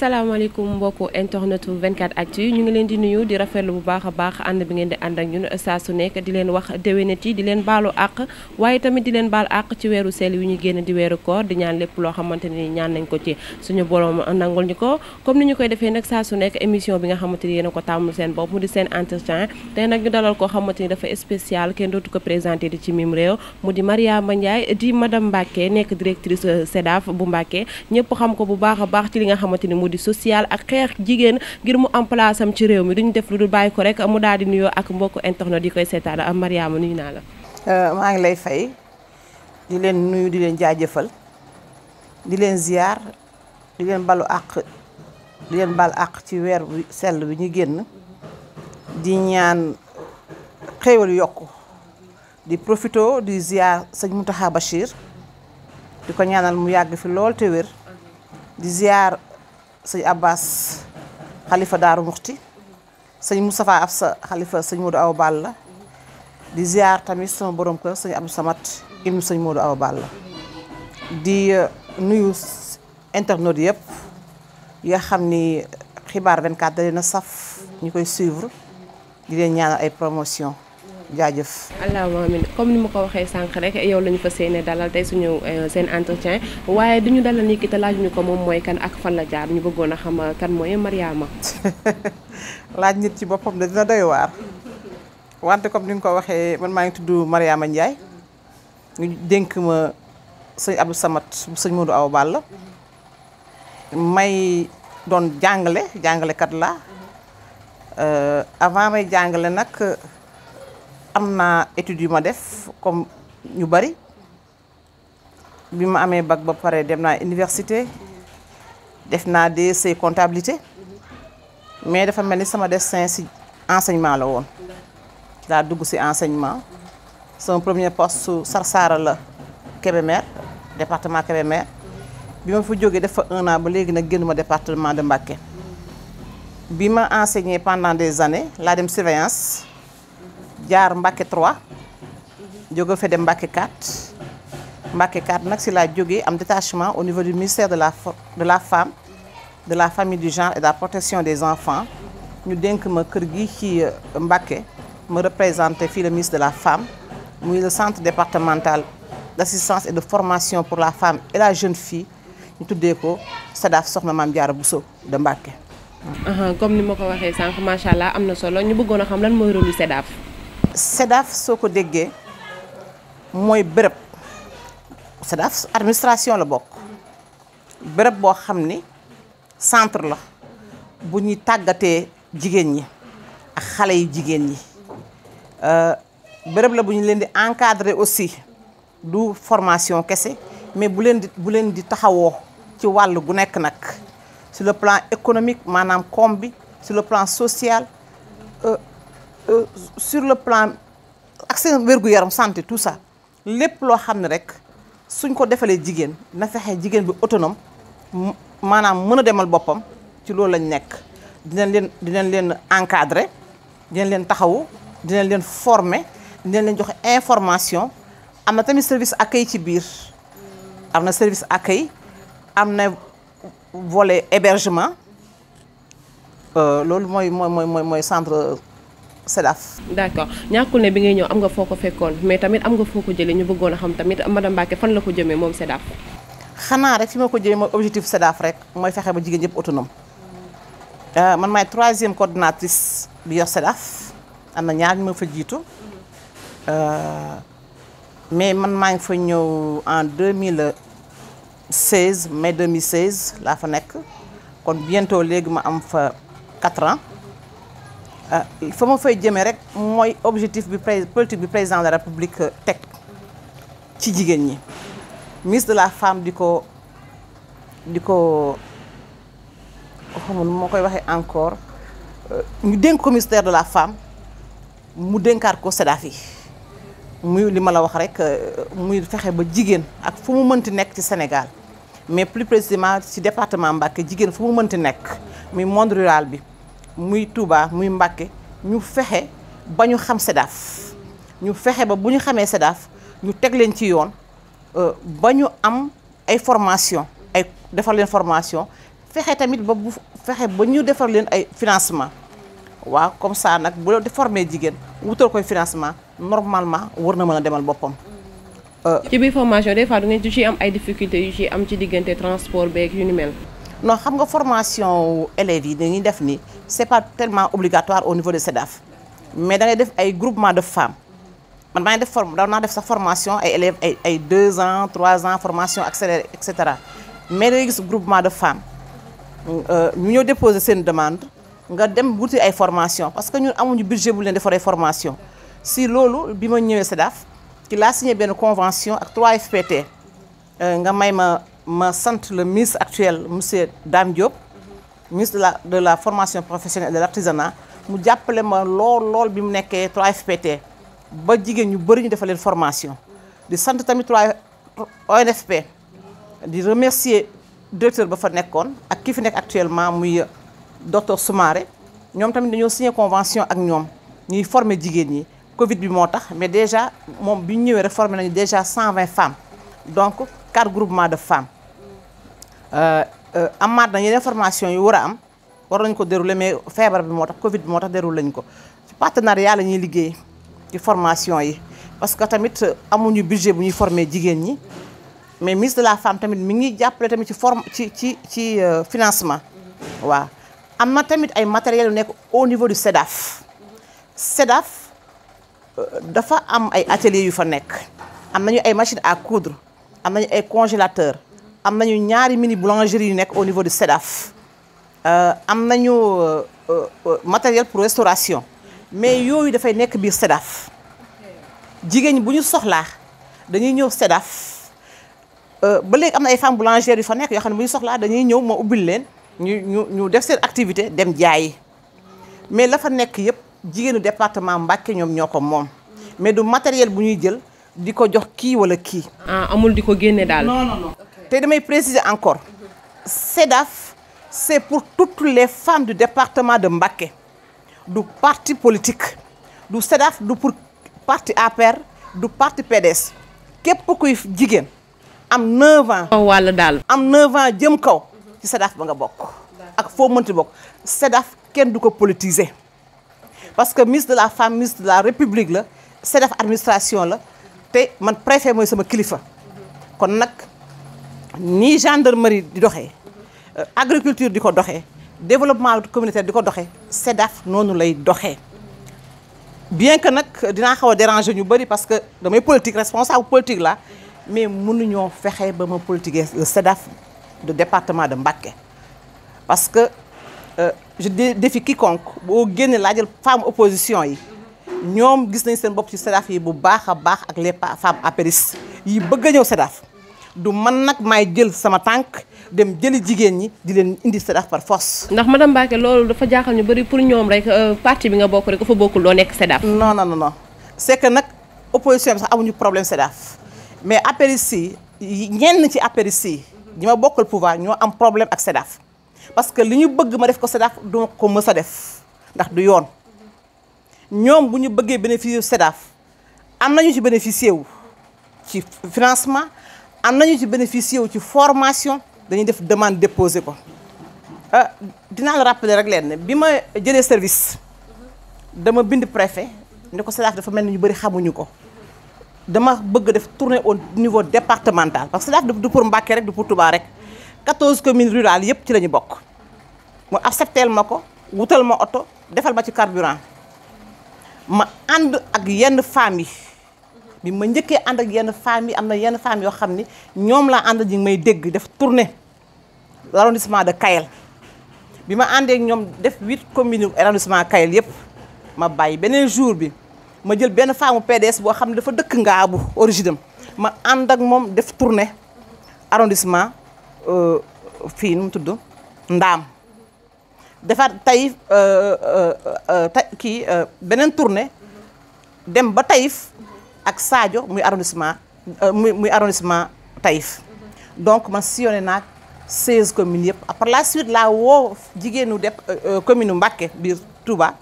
salaamaaleykum mbokku internet 24 actu ñu ngi leen di nuyu di rafetlu bu baax a baax ànd bi ngeen di ànd ak ñun saa su nekk di leen wax déwénati di leen baalu àq waaye tamit di leen baal àq ci weeru sel yu ñu génn di weeru koor di ñaan lépp loo xamante ni ñaan nañ ko ci suñu borom nangul ñu ko comme ni ñu koy defee nag saa su nekk émission bi nga xamante ni yéen ko tàmmul seen bopp mu di seen entretien tey nag ñu dalal koo xamante ni spécial kenn dootu ko présenté di ci mim réew mu di Mariama Ndiaye di madame Mbacké nekk directrice SEDAF bu Mbacké ñëpp xam ko bu baax a baax ci li nga xamante ni di social ak xeex jigéen ngir mu am place am ci réew mi duñu def lu dul bàyyi ko rek mu daal di ak mbokk internet di koy seetaan am Mariama nuyu naa la. Euh, maa ngi lay fay di leen nuyu di leen jaajëfal di leen ziar di leen balu àq di leen bal àq ci weer bu sell bi ñu génn di ñaan xéewal yokk di profito di ziar sëñ Mountakha Bachir di ko ñaanal mu yàgg fi lool te wér di ziar. sëñ Abbas xalifa Daaru Muxti sëñ Moustapha sa xalifa sëñ aw Awa la di ziar tamit sama borom kër sëñ Abdou Samad ibnu sëñ aw Awa la di uh, nuyu internet yëpp yi nga xam ni xibaar 24 da leen a saf ñu koy suivre di leen ñaanal ay promotion jaajëf. allahumma amiin comme ni ma ko waxee sànq rek yow lañu ñu fas dalal tey suñu euh, seen entretien waaye du ñu dalal nit laaj te laajuñu ko moom mooy kan ak fan la jaar ñu bëggoon a xam euh, kan mooy Mariama. laaj nit ci boppam de dina doy waar wante comme ni nga ko waxee man maa ngi tudd Mariama Ndiaye ñu dénk ma sëñ Abdou Samad sëñ Modou Awa Balla may doon jàngale jàngalekat laa euh, avant may jàngale nag. am naa études yu ma def comme ñu bari bi ma amee bac ba pare dem naa université def naa DEC comptabilité mais dafa mel ni sama destin ci enseignement la woon daa dugg ci enseignement sama première poste su Sarsara la Kébémer département Kébémer bi ma fu jógee def fa an ba léegi nag génn ma département de Mbacké bi ma enseigné pendant des années laa dem surveillance jaar Mbacke 3 jóge fa dem Mbacke 4 Mbacke nag si la jógee am détachement au niveau du ministère de la de la femme de la famille du genre et de la protection des enfants ñu denk ma kër gi ci euh, Mbacke ma représenté fii le ministre de la femme muy le centre départemental d'assistance et de formation pour la femme et la jeune fille ñu tuddee ko SEDAF soxna maam Diarra Bousso de Mbacke. comme ni ma ko waxee sànq macha allah am na solo ñu bëggoon xam lan mooy rôle lu SEDAF soo ko déggee mooy bërëb SEDAF administration la bokk bërëb boo xam ni centre la bu ñuy tàggatee jigéen ñi ak xale yu jigéen ñi euh, bërëb la bu ñu leen di encadrer aussi du formation kese mais bu leen di bu leen di taxawoo ci wàll gu nekk nag sur le plan économique maanaam koom bi sur le plan social. Euh, Euh, sur le plan ak seen yaram santé tout ça lépp loo xam ne rek suñ ko defalee jigéen na fexe jigéen bi autonome maanaam mën a demal boppam ci loolu lañ nekk dinañ leen dinañ leen encadrer dinañ leen taxawu dinañ leen former dinañ leen joxe information am na tamit service accueil ci biir am na service accueil am na volet hébergement euh, loolu mooy mooy mooy mooy centre SEDAF. d'accord ñàkkul ne bi ngay ñëw am nga foo ko fekkoon mais tamit am nga foo ko jëlee ñu bëggoon a xam tamit madame Mbacké fan la ko jëmee moom SEDAF. xanaa rek fi ma ko jëmee mooy objectif SEDAF rek mooy fexe ba jigéen ñëpp autonome euh, man maay troisième coordinatrice bi yor am na ñaar ma fa jiitu euh, mais man maa ngi fa ñëw en 2016 mai 2016 laa fa nekk kon biento léegi ma am fa 4 ans. Euh, fa ma fay jëmee rek mooy objectif bi politique bi président de la république euh, teg ci jigéen ñi ministre de la femme di ko di ko xamul moo koy waxee encore euh, ñu dénk ko ministère de la femme mu dénkaat ko SEDAF yi muy li ma la wax rek muy fexe ba jigéen ak fu mu mënti nekk ci Sénégal mais plus précisément ci département Mbacké jigéen fu mu mënti nekk muy monde rural bi muy Touba muy Mbàkke ñu fexe ba ñu xam SEDAF ñu fexe ba bu ñu xamee SEDAF ñu teg leen ci yoon euh, ba ñu am ay formation ay defar leen formation fexe tamit ba bu fexe ba ñu defar leen ay financement waaw comme ça nag bu la formé jigéen wutal koy financement normalement war na mën a demal boppam. Euh, ci biir formation des fois du ngeen ci am ay difficultés yu ci am ci diggante transport beeg yu ni mel. non xam nga formation élèves yi dañuy def nii c'est pas tellement obligatoire au niveau de SEDAF mais da def ay groupement de femmes man maa ngi def form daan naa def sa formation ay élèves ay ay deux ans trois ans formation accélérée et cetera mais da ngay gis groupement de femmes euh, ñu ñëw déposer seen demande nga dem wuti ay formation parce que ñu amuñu budget bu leen defaree formation si loolu bi ma ñëwee SEDAF ci laa signé benn convention ak 3FPT euh, nga may ma ma sant le ministre actuel monsieur Dame Diop ministre de la de la formation professionnelle de l'artisanat mu jàppale ma lool lool bi mu nekkee 3FPT ba jigéen ñu bëri ñu defal leen formation di sant tamit 3 ONFP di remercier directeur ba fa nekkoon ak ki fi nekk actuellement muy docteur Soumaré ñoom tamit dañoo signé convention ak ñoom ñuy former jigéen ñi Covid bi moo tax mais déjà moom bi ñëwee rek formé nañu déjà 120 femmes donc quatre groupement de femmes euh, euh, amaat na yeneen formation yi war a am war nañ ko dérouler mais feebar bi moo tax Covid bi moo tax dérouler lañ ko ci partenariat la ñuy liggéey ci formation yi parce que tamit amuñu budget bu ñuy former jigéen ñi mais ministre de la femme tamit mu ngi jàppale tamit ci forme ci ci ci euh, financement waaw am na tamit ay matériels yu nekk au niveau de SEDAF SEDAF dafa am ay ateliers yu fa nekk am nañu ay machines à coudre am nañu ay congélateur am nañu ñaari mini boulangerie yu nekk au niveau du SEDAF euh, am nañu euh, euh, matériel pour restauration mais yooyu dafay nekk biir SEDAF jigéen ñi bu ñu soxlaa dañuy ñëw SEDAF ba léegi am ay femmes boulangères fa nekk yoo xam ne bu soxlaa dañuy ñëw ma ubbil leen ñu ñu ñu def seen activité dem jaayi mais la fa nekk yëpp jigéenu département Mbacké ñoom ñoo ko moom mais du matériel bu ñuy jël di ko jox kii wala kii. Ah, amul di ko génne daal. non te damay préciser encore CEDAF c'est pour toutes les femmes du département de Mbacké du parti politique du CEDAF du pour parti APR du parti PDS képp kuy jigéen am 9 ans. wàll daal. am 9 ans jëm kaw ci CEDAF ba nga bokk. ak foo mënti bokk CEDAF kenn du ko politiser parce que ministre de la femme ministre de la république la CEDAF administration la. te man préfet mooy sama kilifa kon nag nii gendarmerie di doxee euh, agriculture di ko doxee développement communautaire di ko doxee SEDAF noonu lay doxee bien que nag dinaa xaw a déranger ñu bëri parce que damay politique responsable politique la mais mënuñoo fexe ba ma politiquer SEDAF du département de Mbacké parce que euh, je défie quiconque boo génne laajal femme opposition yi ñoom gis nañ seen bopp ci SEDAF yi bu baax a baax ak les femmes apéristes yi bëgg a ñëw SEDAF du man nag maay jël sama tànk dem jëli jigéen ñi di leen indi SEDAF par force. ndax ma madame Mbacké loolu dafa jaaxal ñu bari pour ñoom rek euh, parti bi nga bokk rek fa bokkul doo nekk SEDAF. non non non c'est que nag opposition bi sax amuñu problème SEDAF mais apéristes yi ñenn ci appérise yi ñi ma bokkal pouvoir ñoo am problème ak SEDAF parce que li ñu bëgg ma def ko SEDAF du ma ko a def ndax du ñoom bu ñu bëggee bénéficier SEDAF am nañu ci bénéficier wu ci financement am nañu ci bénéficier wu ci formation dañuy def demande déposé ko euh, dinaa la rappeler rek leen ne bi ma jëlee service dama bind préfet ne ko SEDAF dafa mel ni ñu bëri xamuñu ko dama bëgg def tournée au niveau départemental parce que SEDAF du pour Mbacké rek du pour Touba rek 14 communes rurales yëpp ci la ñu bokk mu accepteel ma ko wutal ma oto defal ma ci carburant ma ànd ak yenn femmes yi bi ma njëkkee ànd ak yenn femmes yi am na yenn femmes yoo xam ni ñoom laa ànd ji may dégg def tournée l'arrondissement de Kayel bi ma àndee ñoom def huit commune arrondissement Kayel yëpp ma bàyyi beneen jour bi ma jël benn femme PDS boo xam ne dafa dëkk ngaa bu origine ma ànd ak moom def tournée arrondissement euh, fii nu mu tudd Ndaam. defaat tayif ta kii euh, beneen tournée dem ba tayif ak Sadio muy arrondissement euh, muy muy arrondissement tayif donc ma sillonné naa 16 communes yëpp par la suite laa woo jigéenu def euh, commune Mbacke biir Touba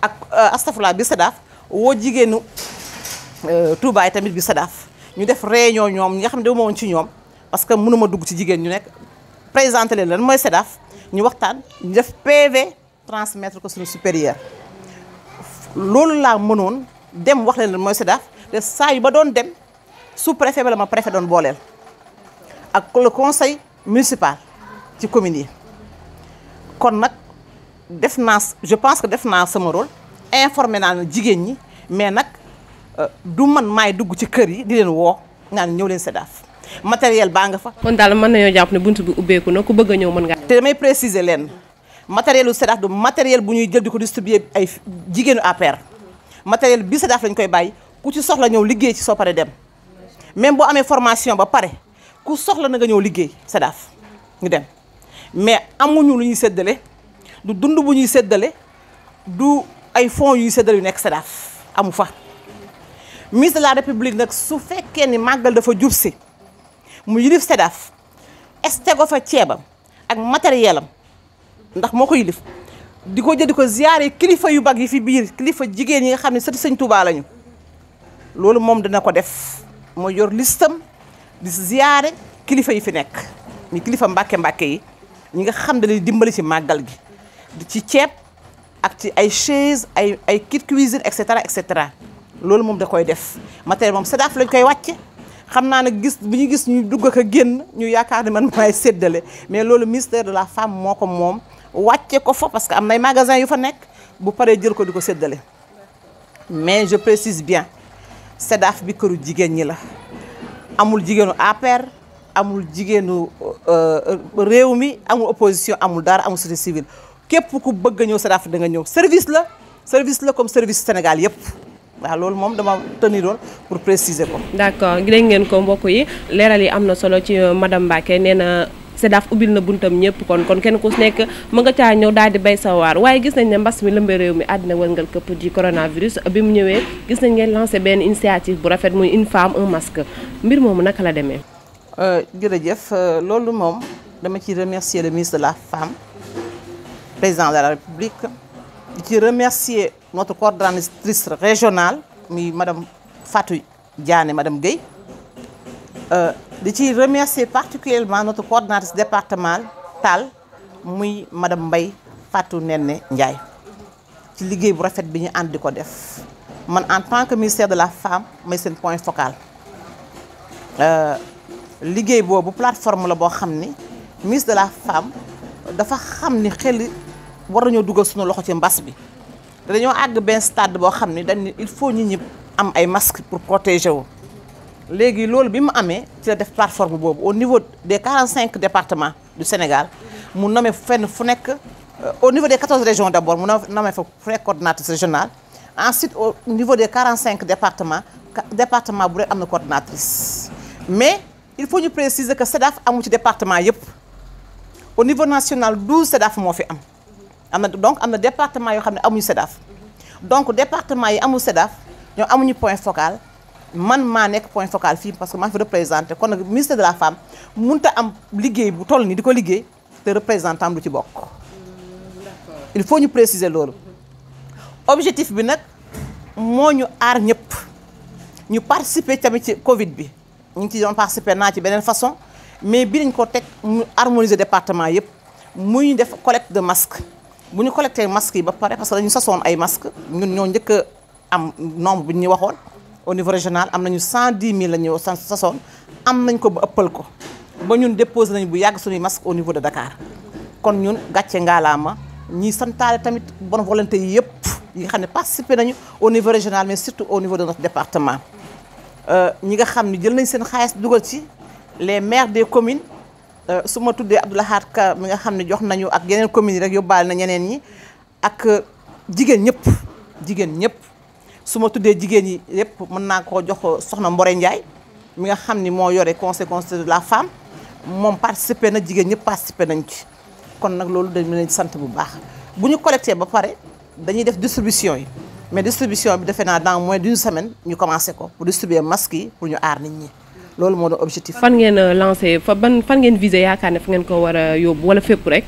ak astafurla bi SEDAF woo jigéenu Touba yi tamit bi SEDAF ñu def réunion ñoom ñi nga xam ne dama woon ci ñoom parce que mënuma dugg ci jigéen ñu nekk présenté leen lan mooy SEDAF ñu waxtaan ñu def PV transmettre ko suñu supérieur loolu laa mënoon dem wax leen mooy SEDAF te saa yu ba doon dem sous préfet ba la ma préfet doon booleel ak le conseil municipal ci communes yi kon nag def naa je pense que def naa sama rôle informé naa na jigéen ñi mais nag euh, du man maay dugg ci kër yi di leen woo naan ñëw leen SEDAF matériel baa nga fa. kon daal mën nañoo jàpp ne bunt bi ubbeeku na ku bëgg a ñëw mën nga. te damay préciser leen matériel u SEDAF du matériel bu ñuy jël di ko distribuer ay jigéenu APR matériel bi SEDAF lañ koy bàyyi ku ci soxla ñëw liggéey ci soo pare dem même boo amee formation ba pare ku soxla na nga ñëw liggéey SEDAF ñu dem mais amuñu lu ñuy seddale du dund bu ñuy séddale du ay fonds yuy séddale yu nekk SEDAF amu fa. ministre de la république nag su fekkee ni màggal dafa jub si mu yilif SEDAF estego fa ceebam ak matériel am ndax moo ko yilif di ko jël di ko ziyaare kilifa yu bag yi fi biir kilifa jigéen ñi nga xam ne sëti sëñ Touba lañu loolu moom dana ko def moo yor listam di ziyaare kilifa yi fi nekk mi kilifa mbàkke mbàkke yi ñi nga xam ne dimbali si màggal gi ci ceeb ak ci ay chaise ay ay kit cuisine et cetera et cetera loolu moom da koy def matériel moom SEDAF lañ koy wàcce xam naa nag gis bu ñu gis ñu dugg ak génn ñu yaakaar ni man maay séddale mais loolu ministère de la femme moo ko moom wàcce ko fa parce am nay magasin yu fa nekk bu paree jël ko di ko séddale mais je précise bien SEDAF bi këru jigéen ñi la amul jigéenu APR amul jigéenu euh, euh, réew mi amul opposition amul dara amul société civile képp ku bëgg a ñëw SEDAF da nga ñëw service la service la comme service Sénégal yëpp waaw loolu moom dama teniroon pour préciser ko. d'accord dégg ngeen ko mbokk yi leeral yi am na solo ci euh, madame Mbacke nee na SEDAF ubbil na buntam ñëpp kon kon kenn ku si nekk mën nga caa ñëw daal di bay sa waar waaye gis nañ ne mbas mi lëmbe réew mi àddina wërngal këpp di coronavirus bi mu ñëwee gis nañ ngeen lancé benn initiative bu rafet muy une femme un masque mbir moomu naka la demee. Euh, jërëjëf euh, loolu moom dama ci remercier le ministre la femme président notre coordonnatrice régionale muy madame Fatou Diané madame Guèye euh, di ci remercier particulièrement notre coordonnatrice départementale muy madame Mbaye Fatou Nene Ndiaye ci liggéey bu rafet bi ñu ànd di ko def man en tant que ministère de la femme may seen point focal euh, liggéey boobu plateforme la boo xam ni ministre de la femme dafa xam ni xel war nañoo dugal suñu loxo ci mbas bi. te dañoo àgg benn stade boo xam ne dañ il faut ñu ñëpp am ay masques pour protéger wu. léegi loolu bi mu amee ci la def plateforme boobu au niveau des cinq départements du Sénégal mu nommé fenn fu nekk euh, au niveau des 14 régions d' abord mu nommé fa fu nekk coordonnatrice régionale ensuite au niveau des 45 départements département bu rek am na coordonnatrice mais il faut ñu préciser que SEDAF amu ci département yëpp au niveau national 12 SEDAF moo fi am. am na donc am na département yoo xam ne amuñu SEDAF donc département yi amul SEDAF ñoo amuñu point focal man maa nekk point focal fii parce que maa fi représenté kon nag ministère de la femme mënut a am liggéey bu toll nii di ko liggéey te représentant lu ci bokk. il faut ñu préciser loolu. objectif bi nag moo ñu aar ñëpp ñu participer tamit ci Covid bi ñu ngi ci doon participer naa ci beneen façon mais bi nañ ko teg mu harmoniser département yëpp muy def collecte de masques. bu ñu collecté masques yi ba pare parce que dañu sasoon ay masques ñun ñoo njëkk a am nombre bi ñu waxoon au niveau régional am nañu 110000 la ñu sasoon am nañ ko ba ëppal ko ba ñun déposé nañ bu yàgg suñuy masques au niveau de Dakar kon ñun gàcce ngaalaama ñiy santaale tamit bonne volonté yi yëpp yi nga xam ne participé nañu au niveau régional mais surtout au niveau de notre département euh, ñi nga xam ne jël nañ seen xaalis dugal ci les maires des communes. Euh, su ma tuddee Abdou Lahad Ka mi nga xam ne jox nañu ak yeneen communes yi rek yóbbaale na ñeneen ñi ak jigéen ñëpp jigéen ñëpp su ma tuddee jigéen yi yëpp mën naa koo jox soxna Mbore Ndiaye mi nga xam ni moo yore conséquence de la femme moom participé na jigéen ñëpp participé nañ ci kon nag loolu dañ leen sant bu baax bu ñu collecté ba pare dañuy def distribution yi mais distribution bi defe naa dans moins d'une semaine ñu commencé ko pour distribuer masques yi pour ñu aar nit ñi loolu moo doon objectif. fan ngeen euh, lancer fa ban fan ngeen visé yaakaar ne fa ngeen ko war a yóbbu wala fépp rek.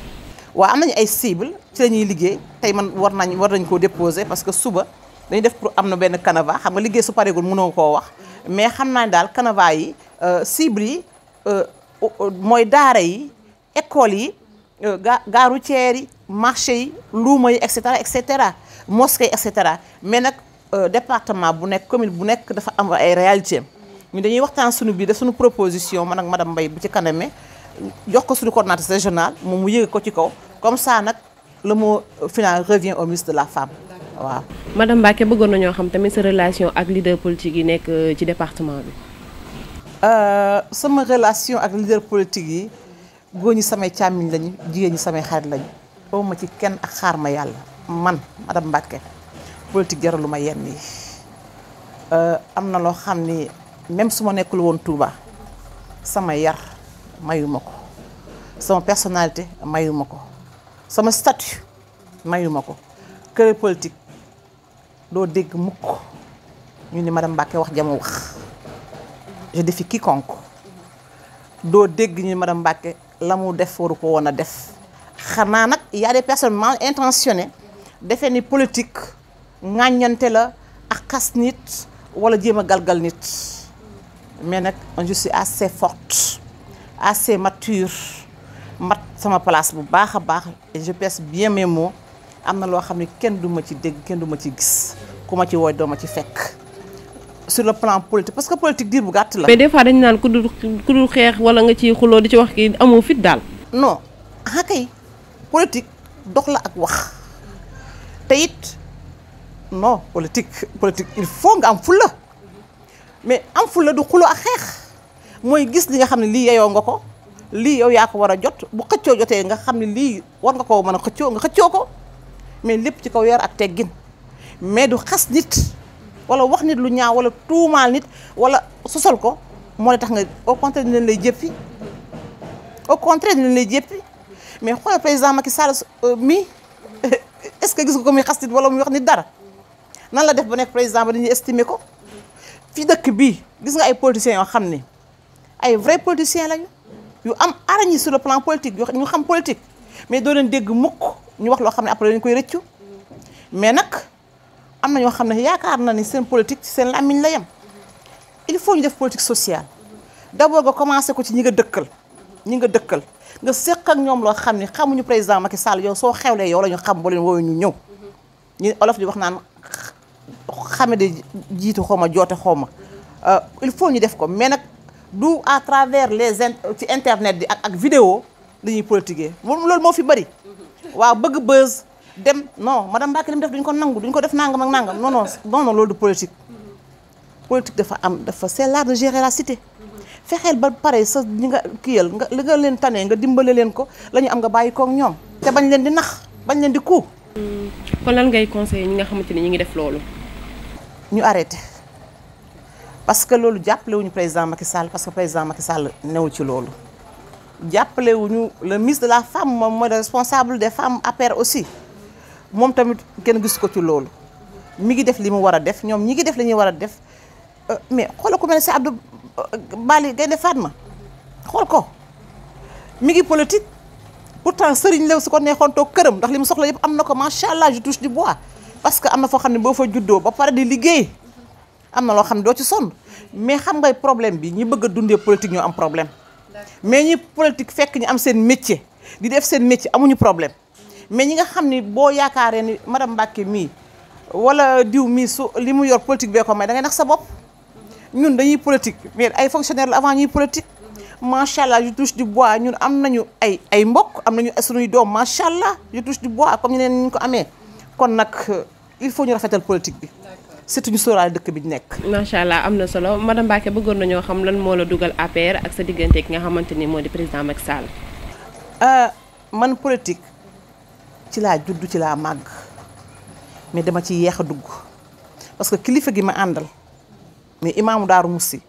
waa am nañu ay cible ci la liggéey tey man war nañ war nañ koo déposé parce que suba dañu def pour am na benn canevas xam nga liggéey su pareegul mënoo ko wax mais xam naa daal canevas yi euh, cible yi euh, mooy daara yi école yi ga gare routière yi marché yi luuma yi et cetera et cetera mosquée et cetera mais nag département bu nekk commune bu nekk dafa am ay réalité ñu dañuy waxtaan suñu biir def suñu proposition man ak madame Mbaye bu ci kaname jox ko suñu coordonnateur régional moom mu yëge ko ci kaw comme ça nag le mot final revient au de la femme waaw. madame Mbacké bëggoon nañoo xam tamit sa relation ak leader politique yi nekk euh, ci département bi. Euh, sama relation ak leader politique yi góor ñi samay càmmiñ lañu jigéen ñi samay xarit lañu. oo ma ci kenn ak xaar ma yàlla man madame Mbacké politique jaralu ma yenn yi euh, am na loo xam ni. même su ma nekkul woon Touba sama yar mayuma ko sama personnalité mayuma ko sama statut mayuma ko kër politique doo dégg mukk ñu ni madame Mbacké wax jamu wax je défie quiconque doo dégg ñu ni madame Mbacké la mu def waru ko woon a def xanaa nag y a des personnes mal intentionnées defe ni politique ŋàññante la ak xas nit wala jéem a galgal nit mais nag je suis fort forte assez mature mat sama place bu baax a baax et je pèse bien mes am na loo xam ne kenn du ma ci dégg kenn du ma ci gis ku ma ci wooy doo ma ci fekk sur le plan politique parce que politique diir bu gàtt la. mais des fois dañu naan ku dul ku dul xeex wala nga ciy xuloo di ci wax kii amoo fit daal. non ah kay dox la ak wax te it non politique il faut nga am fulla mais am ful la du xuloo ak xeex mooy gis li nga xam ne lii yeyoo nga ko lii yow yaa ko war a jot bu xëccoo jotee nga xam ne lii war nga koo mën a xëccoo nga xëccoo ko mais lépp ci kaw yar ak teggin mais du xas nit wala wax nit lu ñaaw wala tuumaal nit wala sosal ko moo la tax nga au di dinañ lay jéppi au contraire dinañ lay jéppi mais xoolal président Macky Sall euh, mi est-ce que gis nga ko muy xas nit wala muy wax nit dara nan la def ba nekk président ba dañuy estimer ko. ci dëkk bii gis nga ay politiciens yoo xam ni ay vrais politiciens lañu yu am arañi sur le plan politique ñu xam politique mais doo leen dégg mukk ñu wax loo xam ne après dañu koy rëccu mais nag am na ñoo xam ne yaakaar na ni seen politique ci seen làmmiñ la yem il faut ñu def politique sociale d'abord nga commencé ko ci ñi nga dëkkal ñi nga dëkkal nga seq ak ñoom loo xam ne xamuñu président Macky Sall yow soo xew xewlee yow la ñu xam boo leen wooyu ñu ñëw ñu olof xamade jiitu xaw ma joote xaw ma euh, il faut ñu def ko mais nag du à travers les ci internet bi ak ak vidéo la ñuy politiquer loolu moo fi bëri waaw bëgg buzz dem ma madame Mbacke li mu def duñ ko nangu duñ ko def nangam ak nangam non non non loolu du politique politique dafa am dafa c'est l'art de gérer fexeel ba pare sa ñi nga kiiyal nga li nga leen tane nga dimbale leen ko lañu am nga bàyyi koog ñoom te bañ leen di nax bañ leen di ku kon lan ngay conseiller ñi nga xamante ni ñu ngi def loolu ñu arrêté parce que loolu jàppalewuñu président Macky Sall parce que président Macky Sall newul ci loolu jàppalewuñu le ministre de la femme moom mooy le responsable des femmes APR aussi moom tamit kenn gis ko ci loolu mi ngi def li mu war a def ñoom ñi ngi def li war a def euh, mais xoolal ku mel ne si Abdou Bali euh, Gaynde Fatma xool ko mi ngi politique pourtant sëriñ lew su ko neexoon toog këram ndax li mu soxla yëpp am na ko macha allah je touche du bois parce que am na foo xam ne boo fa juddoo ba pare di liggéey am na loo xam ne doo ci sonn mais xam ngay problème bi ñi bëgg dundee politique ñoo am problème mais ñi politique fekk ñu am seen métier di def seen métier amuñu problème mais ñi nga xam ni boo yaakaaree ni madame Mbacke mii wala diw mii su li mu yor politique bee ko may da ngay nax sa bopp ñun dañuy politique mais ay fonctionnaire la avant ñii politique macha allah yu touche du bois ñun am nañu ay ay mbokk am nañu suñuy doom macha allah yu touche du bois comme ñeneen ñu ko amee kon nag il faut ñu rafetal politique bi. surtout ñu sóoraale dëkk bi ñu nekk. macha allah am na solo madame Mbacke bëggoon nañoo xam lan moo la dugal APR ak sa diggante ki nga xamante ni moo di président Macky Sall. Euh, man politique ci laa juddu ci laa màgg mais dama ci yeex a dugg parce que kilifa gi ma àndal mais imaamu Daaru Moussi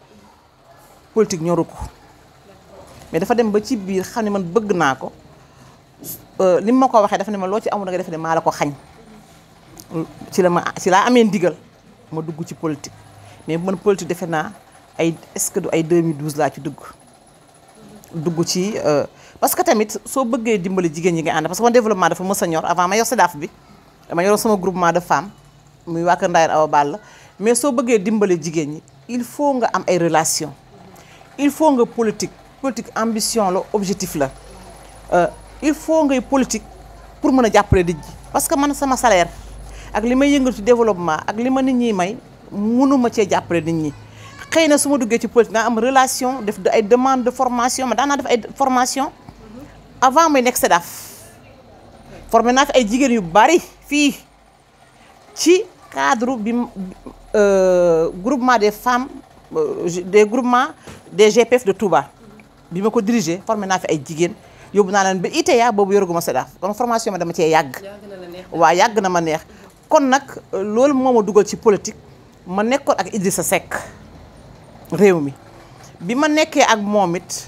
politique ñoru ko mais dafa dem ba ci biir xam ne man bëgg naa ko euh, li ma ko waxee dafa ne ma loo ci amul nga defe ne maa la ko xañ. ci la ma ci amee ndigal ma dugg ci politique mais man politique defe naa ay est-ce que du ay 2012 laa ci dugg dugg ci euh, parce que tamit soo bëggee dimbali jigéen ñi nga ànd parce que man développement dafa mës a ñor avant ma yor SEDAF bi dama yoroon sama groupement de femmes muy waa Kër a Awa la mais soo bëggee dimbali jigéen ñi il faut nga am ay relation il faut nga politique politique ambition la objectif la euh, il faut ngay politique pour mën a jàppale nit ñi parce que man sama salaire ak li may yëngatu ci développement ak li ma nit ñi may mënuma cee jàppale nit ñi xëy na su ma duggee ci politique naa am relation def ay demande de formation ma daan naa def ay formation avant may nekk SEDAF formé naa fi ay jigéen yu bari fii ci cadre bi euh, groupement des femmes euh, des groupements des GPF de Touba bi ma ko dirigé formé naa fi ay jigéen yóbbu naa leen ba ITA e boobu yorguma SEDAF kon formation ma dama cee yàgg waaw yàgg na ma neex kon nag euh, loolu moom ma dugal ci politique ma nekkoon ak sa Seck réew mi bi ma nekkee ak moom it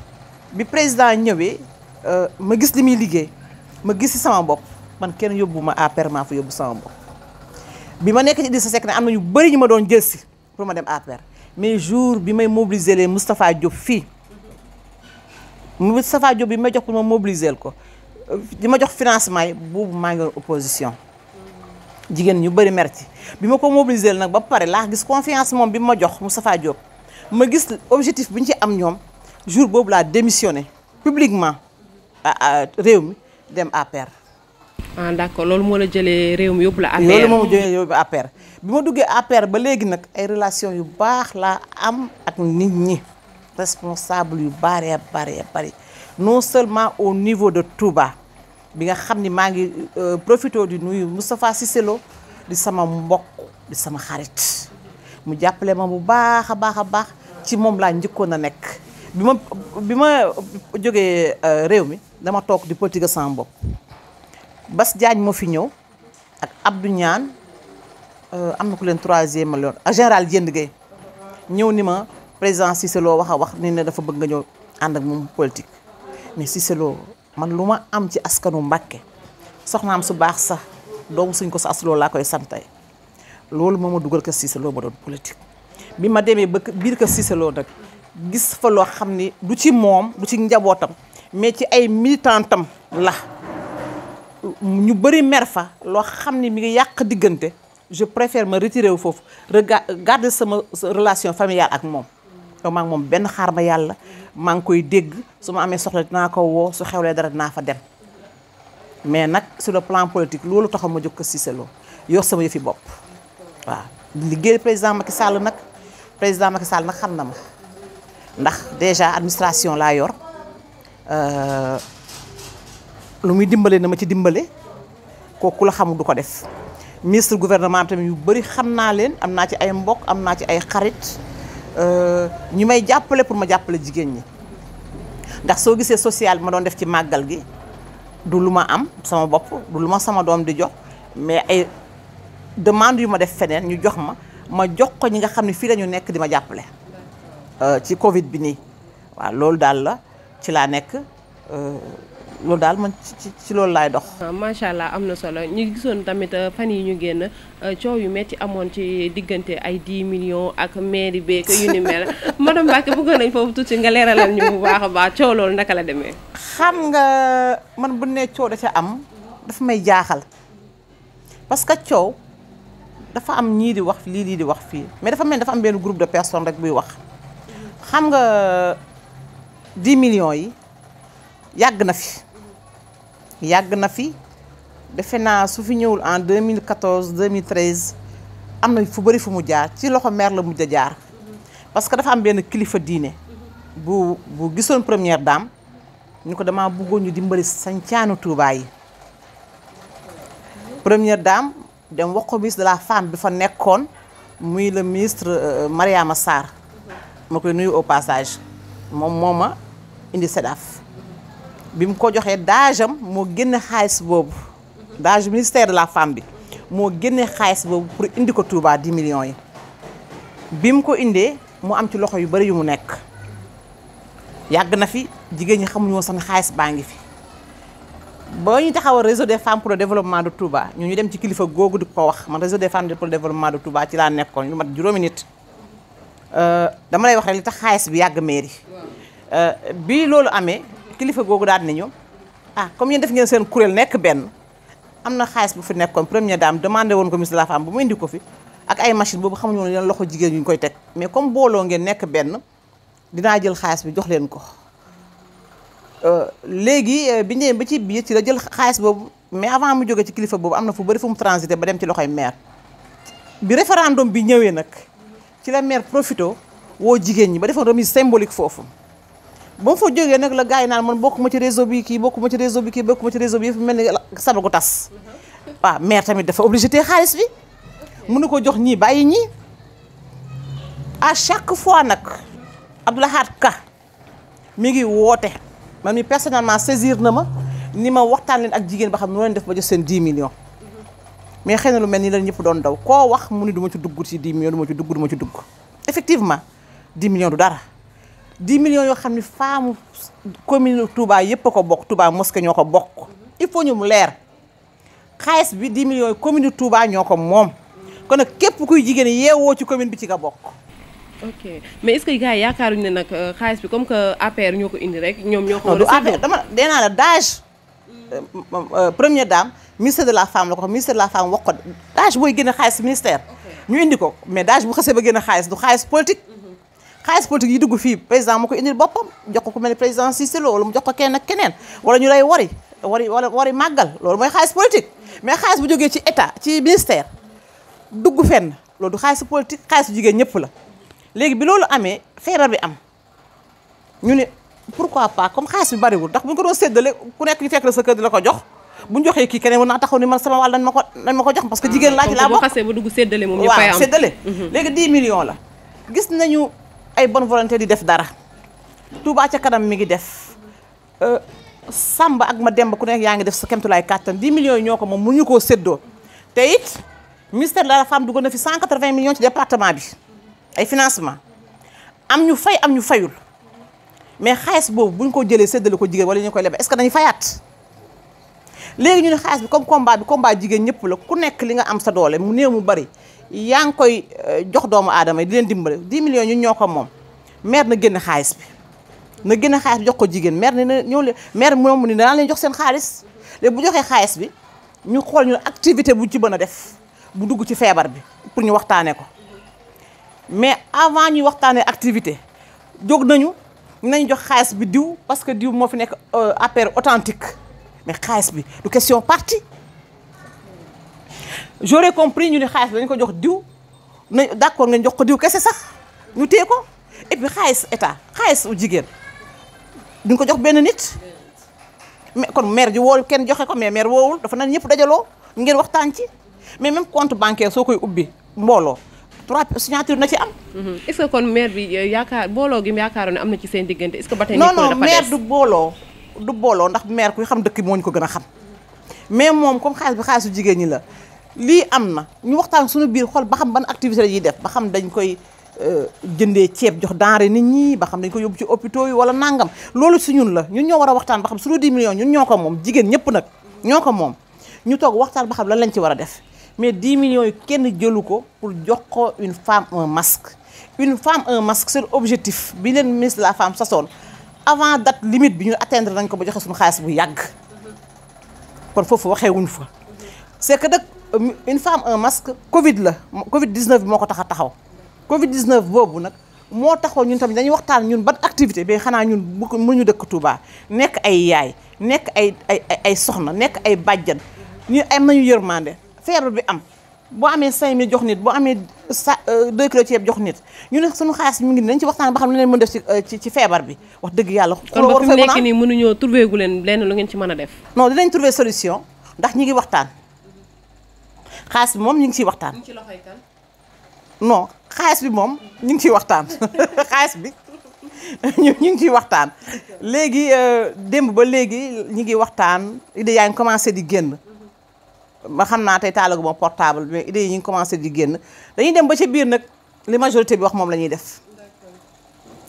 bi président ñëwee euh, ma gis li muy liggéey ma gis ci sama bopp man kenn yóbbu ma APR maa fa yóbbu sama bopp ma nekk ci Idrissa Seck ne am na ñu bëri ñu ma doon jël si ma dem APR mais jour bi may mobiliser leen Moustapha Diop fii Moustapha Diop bi ma jox pour ma mobiliser ko li euh, ma jox financement yi boobu maa ngi opposition jigéen ñu bëri merci bi ma ko mobiliser nag ba pare laa gis confiance moom bi ma jox Moustapha Diop ma gis objectif bi ñu ci am ñoom jour boobu laa démissionné publiquement réew mi dem APR. ah d' accord loolu moo la jëlee réew mi yóbbu la. APR loolu moom bi ma duggee APR ba léegi nag ay relation yu baax laa am ak nit ñi responsable yu bari bari bari non seulement au niveau de Touba. bi nga xam ni maa ngi euh, profité di nuyu Moustapha Cissé Lo di sama mbokk di sama xarit mu jàppale ma bu baax a baax a baax ci moom laa njëkkoon a nekk bi ma bi ma jógee euh, réew mi dama toog di politique sama bopp Bas Diagne moo fi ñëw ak Abdou Niane euh, am na ku leen troisième million ak général Diène Gueye ñëw ni ma président Cissé wax a wax ni ne dafa bëgg nga ñëw ànd ak moom politique mais Cissé man lu ma am ci askanu Mbàkke am su baax sax doomu suñ ko sa asloo laa koy santay loolu moo ma dugal ko Cissé Lo ma doon politique bi ma demee ba ka biir Kër Cissé Lo nag gis fa loo xam ni du ci moom du ci njabootam mais ci ay militantam la ñu bëri mer fa loo xam ni mi ngi yàq diggante je préfère ma retirer wu foofu regarder sama relation familiale ak moom yow maa moom benn xaar ma yàlla maa ngi koy dégg su ma amee soxla dinaa ko woo su xewlee dara dinaa fa dem mais nag su le plan politique loolu taxul ma jóg ko Cissé Lo yor sama yëfi bopp waaw liggéey président Macky Sall nag président Macky Sall nag xam na ma ndax déjà administration laa yor euh, lu muy dimbale na ma ci dimbale kooku la xamul du ko def ministre gouvernement tamit yu bari xam naa leen am naa ci ay mbokk am naa ci ay xarit Euh, ñi may jàppale pour ma jàppale jigéen ñi ndax soo gisee social bi ma doon def ci màggal gi du lu ma am sama bopp du lu ma sama doom di jox mais ay demande yu ma def feneen ñu jox ma ma jox ko ñi nga xam ni fii lañu nekk di ma jàppale euh, ci Covid bi nii waaw loolu daal la ci laa nekk euh, loolu daal man ci ci loolu laay dox. Ah, macha allah am na solo ñu gisoon tamit euh, fan yi ñu génn euh, coow yu metti amoon ci diggante ay 10 millions ak mairie beeg yu ni mel madame Mbacke nañ foofu tuuti nga leeralal ñu bu baax loolu naka la demee. xam nga man bu ne coow da am dafa may jaaxal parce que coow dafa am ñii di wax lii lii di wax fii mais dafa mel dafa am benn groupe de personnes rek buy wax xam nga 10 million yi yàgg na fi. yàgg na fi defe naa su fi ñëwul en 2014 2013 am na fu bëri fu mu jaar ci loxo maire la mujj a jaar parce que dafa am benn kilifa diine bu bu gisoon première dame ñu ko damaa bëggoon ñu dimbali sancaanu Touba yi première dame dem wax ko ministre de la femme bi fa nekkoon muy le ministre euh, Mariama Sarr ma koy nuyu au passage moom moo ma indi SEDAF bi mu ko joxee daajam moo génne xaalis boobu daaj ministère de la femme bi moo génne xaalis boobu pour indi ko Touba di million yi bi mu ko indee mu am ci loxo yu bari yu mu nekk yàgg na fi jigéen ñi xamuñoo woon xaalis baa ngi fi ba ñu taxawal réseau des femmes pour le développement de Touba ñu ñu dem ci kilifa googu di ko wax man réseau de femmes pour le développement de Touba ci laa nekkoon lu mat juróomi nit euh, dama lay wax rek li tax xaalis bi yàgg mairie euh, bi loolu amee kilifa googu daal ni ñu ah comme yéen def ngeen seen kuréel nekk benn am na xaalis bu fi nekkoon première daam demandé woon ko ministre de la am bu mu indi ko fi ak ay machine boobu xamuñu woon leen loxo jigéen ñu koy teg mais comme booloo ngeen nekk benn dinaa jël xaalis bi jox leen ko euh, léegi euh, bi ñëwee ba ci biir ci la jël xaalis boobu mais avant mu jóge ci kilifa boobu am na fu bari fu mu transité ba dem ci loxoy maire bi référendum bi ñëwee nag ci la maire profito woo jigéen ñi ba defoon remise symbolique foofu ba mu fa jógee nag la gars yi naan man bokk ma ci réseau bi kii bokk ma ci réseau bi kii bokk ma ci réseau bi yëpp mel ni Sadaku tas waaw maire tamit dafa obligé te xaalis bi mënu ko jox ñii bàyyi ñii à chaque fois nag Abdoulahat Ka mi ngi woote man mi personnellement saisir na ma ni ma waxtaan leen ak jigéen ba xam noo leen def ba jox seen 10 millions mais xëy na lu mel nii la ñëpp doon daw koo wax mu ni du ma ci dugg ci 10 millions du ci dugg du ci dugg effectivement 10 dara 10 million yoo xam ne faamu commune Touba yëpp a ko bokk Touba mosquée ñoo ko bokk il faut ñu mu leer xaalis bi 10 millions commune Touba ñoo ko moom kon nag képp kuy jigéen yeewoo ci commune bi ci nga bokk. mais est-ce que yaakaaruñu ne nag euh, xaalis bi comme que APR ñoo ko indi rek ñoom ñoo ko. du APR dama dee naa la dage. Euh, euh, première dame ministère de la femme la ko minister de la femme wax ko dage booy génne xaalis ministère. ñu indi ko mais dage bu xasee ba génne xaalis du xaalis politique. xaalis politique yi dugg fii président moo ko indil boppam jox ko ku mel ni président Cissé Lo wala mu jox ko kenn ak keneen wala ñu lay wari wari wari màggal loolu mooy xaalis politique xaalis bu jógee ci état ci ministère dugg fenn loolu du xaalis politique xaalis bu jigéen ñëpp la léegi bi loolu amee feebar bi am ñu ne pourquoi pas comme xaalis bi bariwul ndax bu ñu ko doon séddale ku nekk ñu fekk la sa kër di la ko jox bu ñu joxee kii keneen war naa taxaw ni sama wàll dañ ma ko dañ ma ko jox parce que jigéen laa ci laa bokk bu xasee ba dugg séddale moom mhm. la ay bonne volonté di def dara Touba ca kanam mi ngi def euh, Samba ak ma demba ku nekk yaa ngi def sa kemtulaay kàttan 10 millions yi ñoo ko moom mu ñu koo séddoo te it ministère de la femme duggoon na fi 180 millions ci département bi ay financement am ñu fay am ñu fayul mais xaalis boobu bu ñu ko jëlee séddale ko jigéen wala ñu koy lebe est-ce que dañu fayaat léegi ñu ne xaalis bi comme combat bi combat jigéen ñëpp la ku nekk li nga am sa doole mu néew mu bari yaa ngi koy euh, jox doomu aadama yi di leen dimbale 10 millions ñu ñoo ko moom maire na génn xaalis bi na génn xaalis bi jox ko jigéen maire ne na ñëw leen maire moom ni danaa leen jox seen xaalis léegi bu joxee xaalis bi ñu xool ñu activité bu ci mën a def bu dugg ci feebar bi pour ñu waxtaanee ko mais avant ñuy waxtaanee activité jóg nañu nañu jox xaalis bi diw parce que diw moo fi nekk euh, affaire authentique mais xaalis bi du question parti jore compris ñu ne xaalis dañ ko jox diw na d'accord ngeen jox ko diw kese sax ñu téye ko et puis xaalis état xaalis u jigéen duñ ko jox benn nit mais kon maire ji woo kenn joxe ko mais maire woowul dafa nan ñëpp dajaloo ngeen waxtaan ci mais même compte bancaire soo koy ubbi mbooloo trois signature na ci am. Mm-hmm. est-ce que kon maire bi euh, yaakaar booloo gi yaakaaroon ne am na ci seen diggante est maire du booloo du booloo ndax maire ku xam dëkk bi moo ñu ko gën a xam mais moom comme xaalis bi xaalisu jigéen ñi la. lii am na ñu waxtaan suñu biir xool ba xam ban activité la def ba xam dañ koy euh, jëndee ceeb jox denrée nit ñi ba xam dañ ko yóbbu ci hôpitaux yi wala nangam loolu si ñun la ñu ñoo war a waxtaan ba xam suñu 10 millions ñun ñoo ko moom jigéen ñëpp nag ñoo ko moom ñu toog waxtaan ba xam lan lañ ci war a def mais 10 millions yi kenn jëlu ko pour jox ko une femme un masque une femme un masque c'est l'objectif bi leen ministre de la femme sasoon avant date limite bi ñu atteindre nañ ko ba joxe suñu xaalis bu yàgg kon foofu waxee wuñ fa Euh, une femme un masque Covid la Covid 19 bi moo ko tax a taxaw Covid 19 boobu nag moo taxaw ñun tamit dañuy waxtaan ñun ba activité bi xanaa ñun mu ñu dëkk Touba nekk ay yaay nekk ay ay ay soxna nekk ay bàjjan ñu am nañu yërmande feebar bi am. boo amee 5000 jox nit boo amee sa 2 euh, kilos ceeb jox nit ñu ne suñu xaalis mi ngi dañ ci waxtaan ba xam ne leen mën def euh, ci ci feebar bi wax dëgg yàlla. kon ba fi mu nekk nii mënuñoo trouvé lenn lu ngeen ci mën a def. non dinañ trouvé solution ndax ñi xaalis bi moom ñu ngi ciy waxtaan. non xaalis bi moom ñu ngi ciy waxtaan bi ñu ngi ciy waxtaan. léegi euh, démb ba léegi ñu ngi waxtaan idée yaa ngi commencé di génn. ma xam naa tey taalagu ma portable mais idée yi ñu ngi commencé di génn dañuy dem ba ci biir nag li majorité bi wax moom la ñuy def.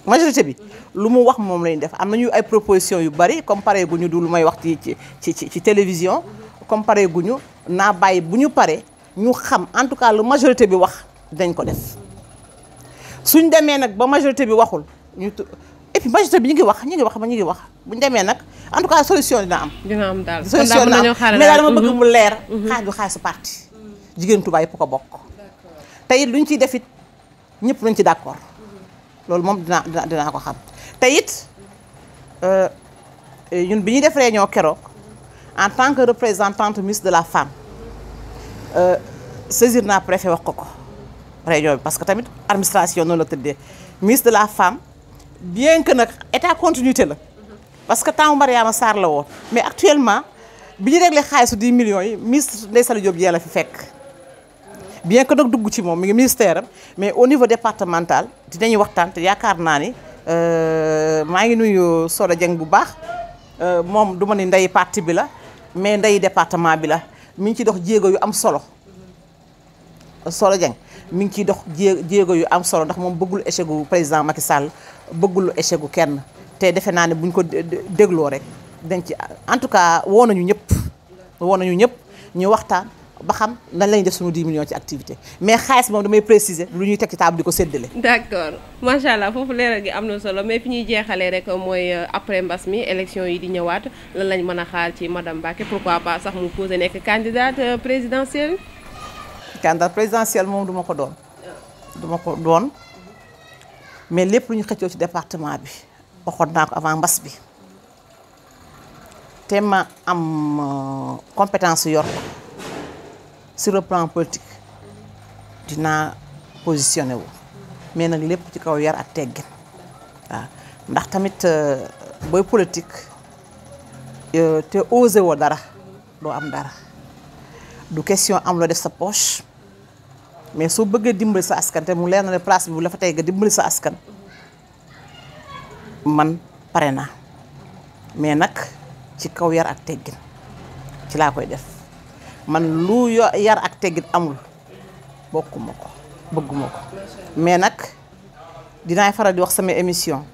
majorité bi lu mu wax moom la def am nañu ay propositions yu bari comme pare ñu du lu may wax ci ci ci ci télévision. comme pare guñu naa bàyyi bu ñu pare ñu xam en tout cas lu majorité bi wax dañ ko def suñ demee nag ba majorité bi waxul ñu et puis majorité bi ñu ngi wax ñu ngi wax ba ñu ngi wax bu buñ demee nag en tout cas solution dina am. dina am daal solution dina am mais daal dama bëgg mu mhm. leer. Mhm. xaaj du xaaj su parti. jigéen Touba yëpp ko bokk. te it luñ ciy def it ñëpp luñ ci d' accord loolu moom dinaa dina dinaa ko xam te it euh, ñun bi ñu def réunion keroog en tant que représentante ministre de la femme. Euh, saisir naa préfet wax ko ko région bi parce que tamit administration noonu la tëddee ministre de la femme bien que nag état continuité la parce que temps ma Sarr la woon mais actuellement bi ñu réglé xaalisu di millions yi ministre Ndeye Saly Diop la fi fekk bien que nag dugg ci moom mi ngi ministère am mais au niveau départemental dinañu waxtaan te yaakaar naa ni euh, maa ngi nuyu solo Dieng bu baax euh, moom du ma ni ndey parti bi la mais ndey département bi la mi ngi ciy dox jéego yu am solo solo jang mi ngi ciy dox jéego yu am solo ndax moom bëggul échec gu président Macky Sall bëggul échec gu kenn te defe naa ne buñ ko dégloo rek dañ ci en tout cas woo nañu ñëpp woo nañu ñëpp ñu waxtaan ba xam lan lañu def suñu 10 millions ci activité mais xaalis moom damay préciser lu ñuy teg ci table di ko séddale. d' accord macha allah foofu leeral gi am na solo mais fi ñuy jeexalee rek mooy euh, après mbas mi élection yi di ñëwaat lan lañ mën a xaar ci madame Mbacké pourquoi pas sax mu posé nekk candidate euh, présidentielle. candidate présidentielle moom duma ko doon. duma ko doon mais lépp lu ñu xëccoo ci département bi waxoon naa avant mbas bi te ma am euh, compétence yor ko sur le plan politique dinaa positionné wu mais nag lépp ci kaw yar ak teggin waaw ndax tamit euh, booy politique euh, te osé woo dara doo am dara du question am loo def sa poche mais soo bëggee dimbali sa askan te mu leer na ne place bi bu la fa tey nga dimbali sa askan man pare naa mais nag ci kaw yar ak teggin ci laa koy def. man lu yar ak teggit amul bokkuma ko bëgguma ko mais nag dinaay faral di wax sama émission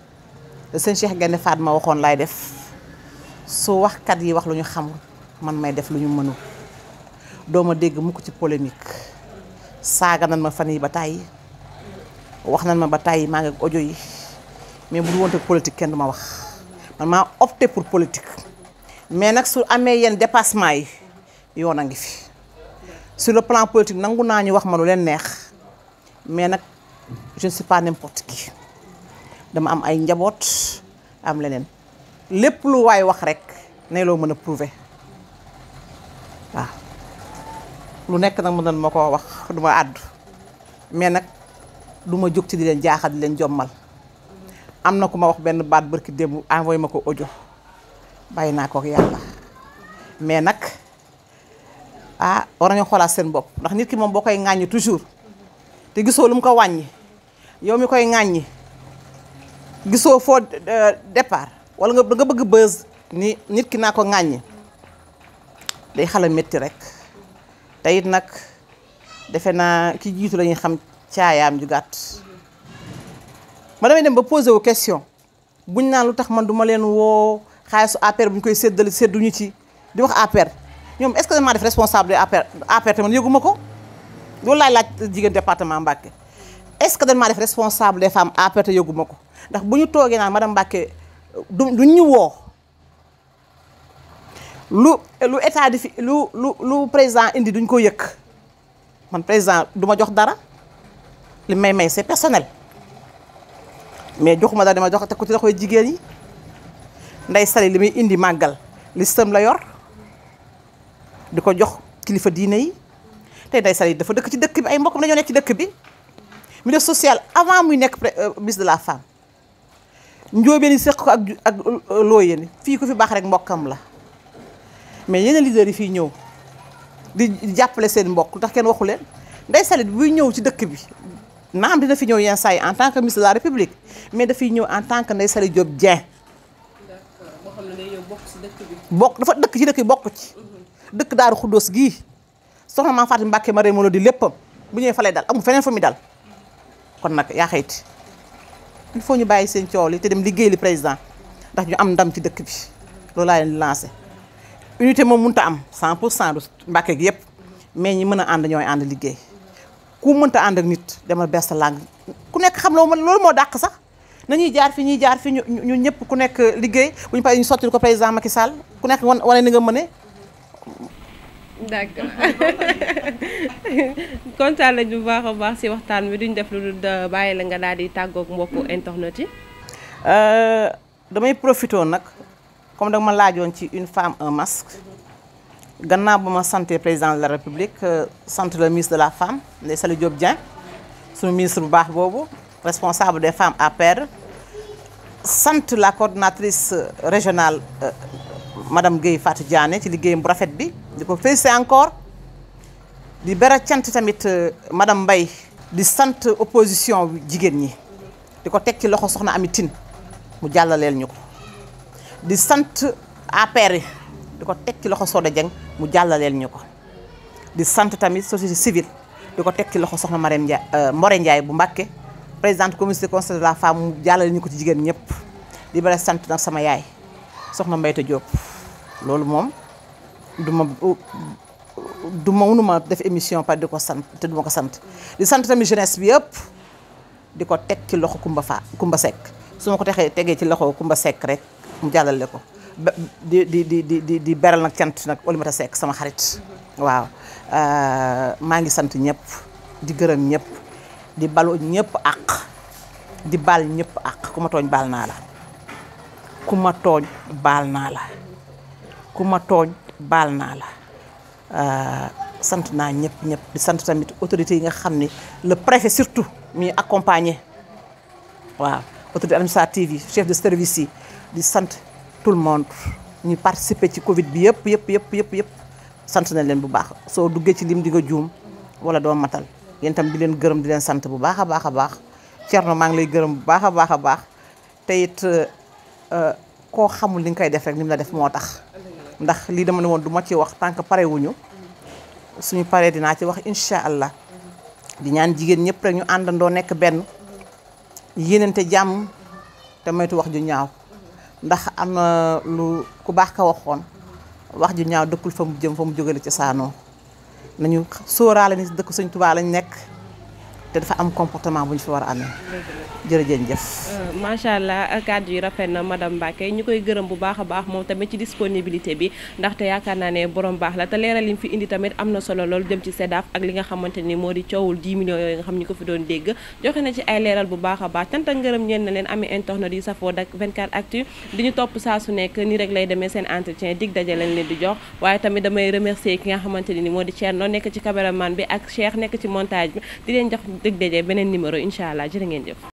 le sëñ Cheikh Gaïndé ma waxoon laay def su waxkat yi wax lu ñu xamul man may def lu ñu mënul dooma dégg mukk ci polémique saaga nan ma fan yi ba tàyyi wax nan ma ba tàyyi maa ngi ak yi mais bu du woon politique kenn du ma wax man maa opté pour politique mais nag su amee yenn dépassement yi yoon a ngi fi sur le plan politique nangu naa ñu wax ma lu leen neex mais nag je ne suis pas n'importe qui dama am ay njaboot am leneen lépp lu waay wax rek ne loo mën a prouver waaw lu nekk nag mën nan ma ko wax du ma àddu mais nag du ma jóg ci di leen jaaxal di leen jommal am na ku ma wax benn baat bërki démb envoyé ma ko audio bàyyi naa ko ak yàlla mais nag ah war nañoo xoolaat seen bopp ndax nit ki moom boo koy ŋàññi toujours te gisoo lu mu ko wàññi yow mi koy ŋàññi gisoo foo euh, départ wala nga nga bëgg bës ni nit ki naa ko ŋàññi day xala métti rek te it nag defe naa ki jiitu lañuy xam caayaam ju gàtt ma damay dem ba posé wu question buñ naan lu tax man duma leen woo xaalisu APR bu ñu koy séddale sédduñu ci di wax APR ñoom est-ce que dañ def responsable de APR APR te man yëguma ko loolu laay laaj jigéen département Mbacké est-ce que dañ def responsable des femmes APR te ko ndax bu ñu toogee naan madame Mbacké du duñ ñu woo lu lu état di fi lu lu lu président indi duñ ko yëkk man président du ma jox dara li may may c'est personnel mais joxuma dara dama jox te ku ci loxoy jigéen yi nday sali li muy indi màggal li sëm la yor di ko jox kilifa diine yi te Ndeye Saly dafa dëkk ci dëkk bi ay mbokkam dañoo nekk ci dëkk bi milieu social avant muy nekk euh, ministre de la femme njóobeen yi seq ko ak ak euh, looyeen fii ko fi baax rek mbokkam la mais yeneen leaders yi fii ñëw di jàppale seen mbokk lu tax kenn waxu leen Ndeye Saly buy ñëw ci dëkk bi naam dina fi ñëw yenn saa en tant que ministre de la république mais dafay ñëw en tant que Ndeye Saly Diop Dieng. bokk dafa dëkk ci dëkk bokk ci. Mhm. dëkk daaru xuddoos gii soxna maam Fatim Mbàkke ma rey ma di léppam bu ñëwee fa lay dal amul feneen fa mi dal kon nag yaa il faut ñu bàyyi seen coow li te dem liggéey li président ndax ñu am ndam ci dëkk bi loolu laa leen di lancé unité moom mënta am 100 pour cent du Mbàkke yëpp mais ñi mën a ànd ñooy ànd liggéey ku mënta ànd ak nit demal bees sa làng ku nekk xam loo loolu moo dàq sax na nañuy jaar fi ñuy jaar fi ñu ñu ñëpp ku nekk liggéey bu ñu paree ñu sotti ko président Macky Sall ku nekk wane ni nga mëne d'accord kontaan bu baax a baax si waxtaan bi duñ def lu dul euh, bàyyi la nga daal di tàggook mbokku internet yi. Euh, damay profité nag comme danga ma laajoon ci une femme un masque gannaaw ba ma santé président de la république euh, sant le ministre de la femme Ndèye Saly Diop Dieng suñu ministre bu baax boobu responsable des femmes APR sant la coordinatrice régionale madame Guèye Fatou Diané ci liggéeyam bu rafet bi di ko félicité encore di bera cant tamit euh, madame mbay di sant opposition jigéen ñi di ko teg ci loxo soxna Ami Tine mu jàllaleel ñu ko di sant APR yi ko teg ci loxo Soda Dieng mu jàllaleel ñu ko di sant tamit société civile di ko teg ci loxo soxna Marème Ndiaye euh, More Ndiaye bu mbakke présidente comité conseil de la femme mu jàllaleel ñu ko ci jigéen ñëpp di bari sant nag sama yaay soxna Mbayta Diop loolu moom du ma du ma mënuma def émission par di ko sant te du ma ko sant di sant tamit jeunesse bi yëpp di ko teg ci loxo Kumba Fa Kumba sekk su ma ko texee tegee ci loxo Kumba sekk rek mu jàllale ko di di di di di beral nag cant nag Oulimata Seck sama xarit waaw euh, maa ngi sant ñëpp di gërëm ñëpp di baloo ñëpp àq di bal ñépp àq ku ma tooñ baal naa la ku ma tooñ baal naa la ku ma tooñ baal naa la euh, sant naa ñëpp ñëpp di sant tamit autorités yi nga xam ni la préfet surtout muy accompagné waaw autorité administrative yi chef de service yi di sant tout le monde ñu participer ci Covid bi yëpp yëpp yëpp yëpp yëpp sant na leen bu baax soo duggee ci lim di nga juum wala doo matal yéen tamit di leen gërëm di leen sant bu baax a baax a baax Thierno maa ngi lay gërëm bu baax a baax a baax te it euh, euh, koo xamul li nga koy def rek ni mu la def moo tax. ndax lii dama ne woon duma ma ci wax tànk parewuñu suñu paree dinaa ci wax incha allah di ñaan jigéen ñëpp rek ñu àndandoo nekk benn yéenante jàmm te moytu wax ju ñaaw ndax am na lu ku baax ka waxoon wax ju ñaaw dëkkul fa mu jëm fa mu jógale ci saanoo nañu sóoraale ni dëkk Sëñ tubaa lañu nekk te dafa am comportement bu ñu fi war a amee. jërëjëf euh, macha allah kàddu yi rafet na madame Mbacke ñu koy gërëm bu baax a baax moom tamit ci disponibilité bi ndaxte yaakaar naa ne borom baax la te leeral li fi indi tamit am na solo lool jëm ci SEDAF ak li nga xamante ni moo di coowul 10 millions yooyu nga xam ñu ko fi doon dégg joxe na ci ay leeral bu baax a baax tant ak ngërëm ñeen na leen amee internet yi safoo dak 24 actu di di dëgg daje beneen numéro incha allah jërë ngeen